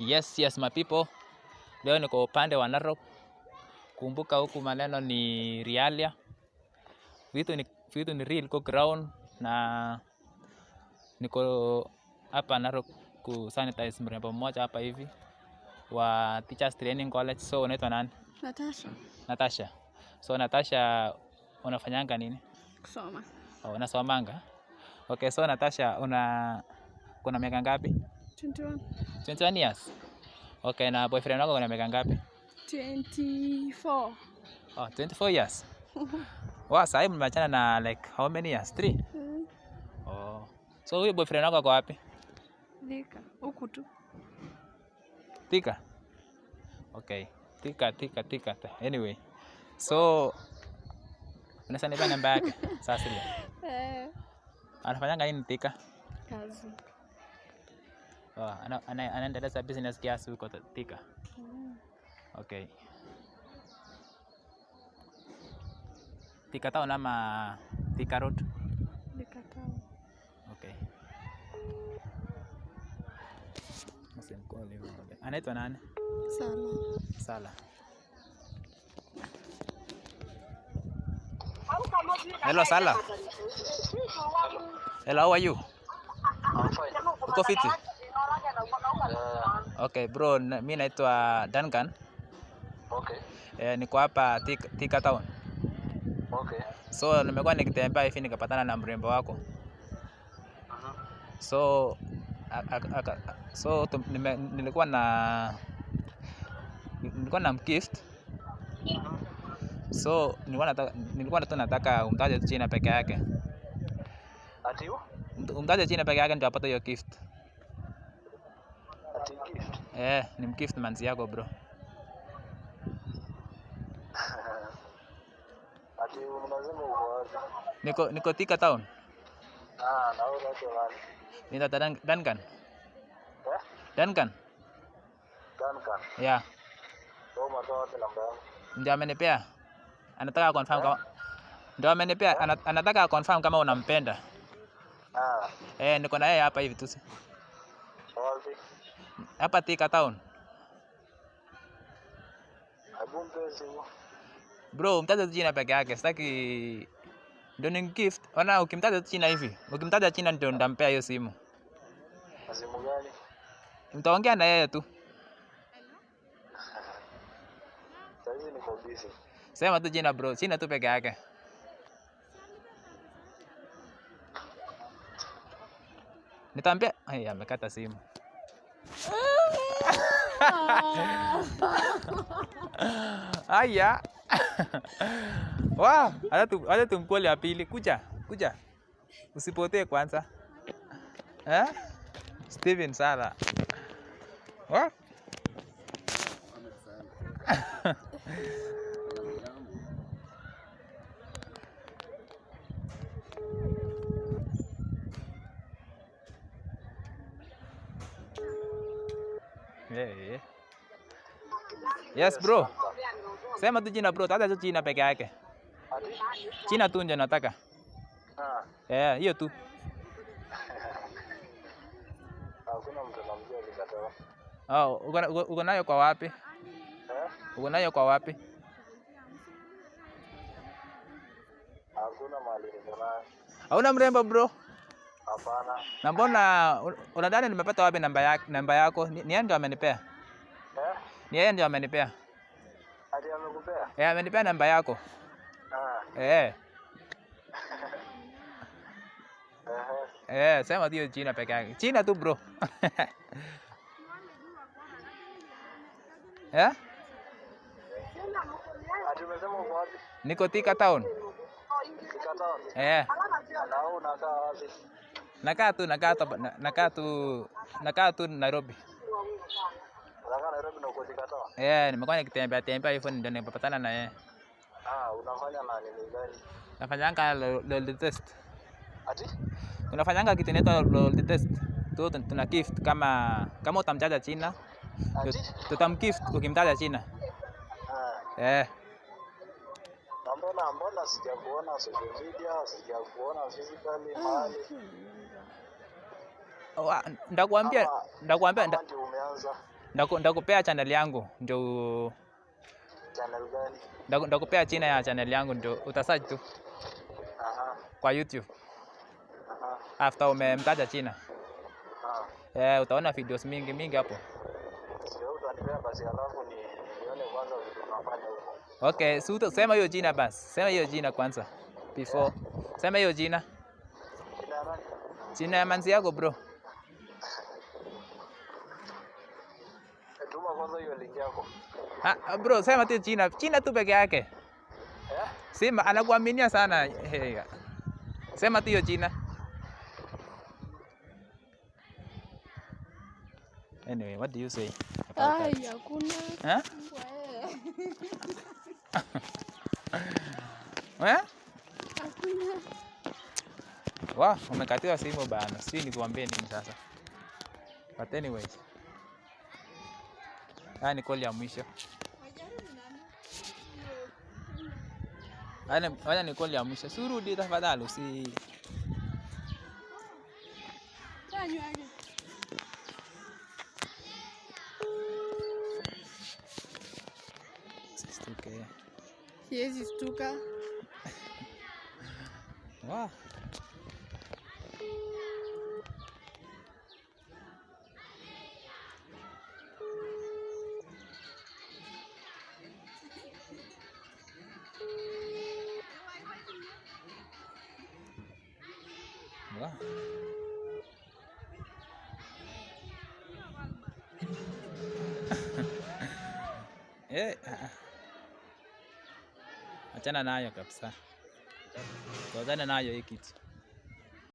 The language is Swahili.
Yes, yes my people, leo ni kwa upande wa Narok. Kumbuka huku maneno ni realia, vitu ni, vitu ni real kwa ground, na niko hapa Narok ku sanitize mrembo mmoja hapa hivi wa Teachers Training College. So unaitwa nani? Natasha. Natasha. So Natasha, unafanyanga nini? Kusoma. Oh, unasomanga? Okay, so Natasha una kuna miaka ngapi? 21. 21 years. Okay, na boyfriend wako kuna miaka ngapi? 24. Oh, 24 years. Wow, sasa hivi mmeachana na like how many years? 3. Mm. Oh. So huyo boyfriend wako ako wapi? Thika, huku tu. Thika. Okay. Thika, Thika, Thika. Anyway. So unasanipa namba yake. Sasa. Eh. Anafanyanga nini Thika? Kazi. Ah, anaendeleza business kiasi huko Thika. Okay. Thika town ama Thika road? Thika town. Okay. Anaitwa nani? Sala. Sala. Hello Sala. Hello, how are you? Uko fiti? Uh, okay bro, mimi naitwa Duncan. Okay. Eh, niko hapa Thika, town. Okay. So nimekuwa nikitembea hivi nikapatana na mrembo wako. Uh mm-hmm. -huh. So a, a, a, so tum, nime, nilikuwa na nilikuwa na mgift. Uh mm-hmm. -huh. So nilikuwa nataka nilikuwa nataka nataka umtaje china peke yake. Ati umtaje china peke yake ndio apate hiyo gift. Eh, ni nimkift manzi yako bro. Ati unasema uwaza. Niko niko tika town. Ah, na wewe uko wapi? Nita dan, Duncan. Eh? Duncan. Duncan. Yeah. Ya. Ndio umetoa wapi namba Ndiwa Ndio Anataka confirm eh? kama ndio amenipea anataka confirm kama unampenda. Ah. Eh, niko na ya hapa hivi tusi. dapat tiga tahun bro oh, umtaja tu china peke yake sitaki ndio gift ona ukimtaja tu china hivi ukimtaja china ndio ndampea hiyo simu mtaongea na yeye tu sema tu jina bro china tu peke yake nitaambia amekata simu ¡Ay, ya! Wow, hata tu, tu tumkole ya pili. Kuja, kuja. Usipotee kwanza. Eh? Steven Sara. Wow. Yeah. Yes bro. Sema tu jina bro, hata tu jina peke yake. Jina tu ndio nataka. Ah. Yeah, hiyo tu. Hakuna mtu anamjua alikataa. Oh, uko nayo kwa wapi? Eh? Uko nayo kwa wapi? Hakuna mali niko Hauna mrembo bro? Hapana. Na mbona unadhani nimepata wapi namba yako? Namba yako ni yeye ndio amenipea eh? Ni yeye ndio amenipea. Ati amekupea? Eh, amenipea namba yako. Ah. Eh. Eh, sema hiyo China peke yake. China tu bro. Eh? Ati umesema uko wapi? Niko Thika town. Thika town. Eh. Na unakaa wapi? Nakaa tu nakaa tu Nairobi. Unakaa Nairobi na uko Chikatao? Eh, yeah, nimekuwa nikitembea tembea hivyo ndio nimepatana na yeye. Ah, unafanya na nini gani? Nafanyanga LOL test. Ati? Unafanyanga kitu inaitwa LOL test. Tu tuna gift kama kama utamtaja China. Ati? Tutamgift ukimtaja China. Ah. Eh. Mbona mbona sijakuona social media, sijakuona physically mahali ndakuambia ndakuambia ndakupea channel yangu ndio. Channel gani? Ndakupea china ya channel yangu ndio utasearch tu. Aha. Kwa YouTube. Aha. After umemtaja china. Aha. Eh, utaona videos mingi mingi hapo. Okay, so basi alafu ni nione kwanza vitu tunafanya huko. hiyo jina basi. Sema hiyo jina kwanza before. Sema hiyo jina. Jina ya manzi yako bro. Ah, bro, sema tu China. China tu peke yake. Yeah. Sema anakuaminia sana. Hey. Sema tu hiyo China. Anyway, what do you say? Ay, hakuna. Eh? Eh? Hakuna. Wah, umekatiwa simu bana. Si nikuambie nini sasa. But anyways. Haya ni koli ya mwisho. Haya ni koli ya mwisho. Surudi tafadhali usi Siwezi stuka. Wow. Ага. Eh, achana nayo kabisa, tuachane nayo hii kitu.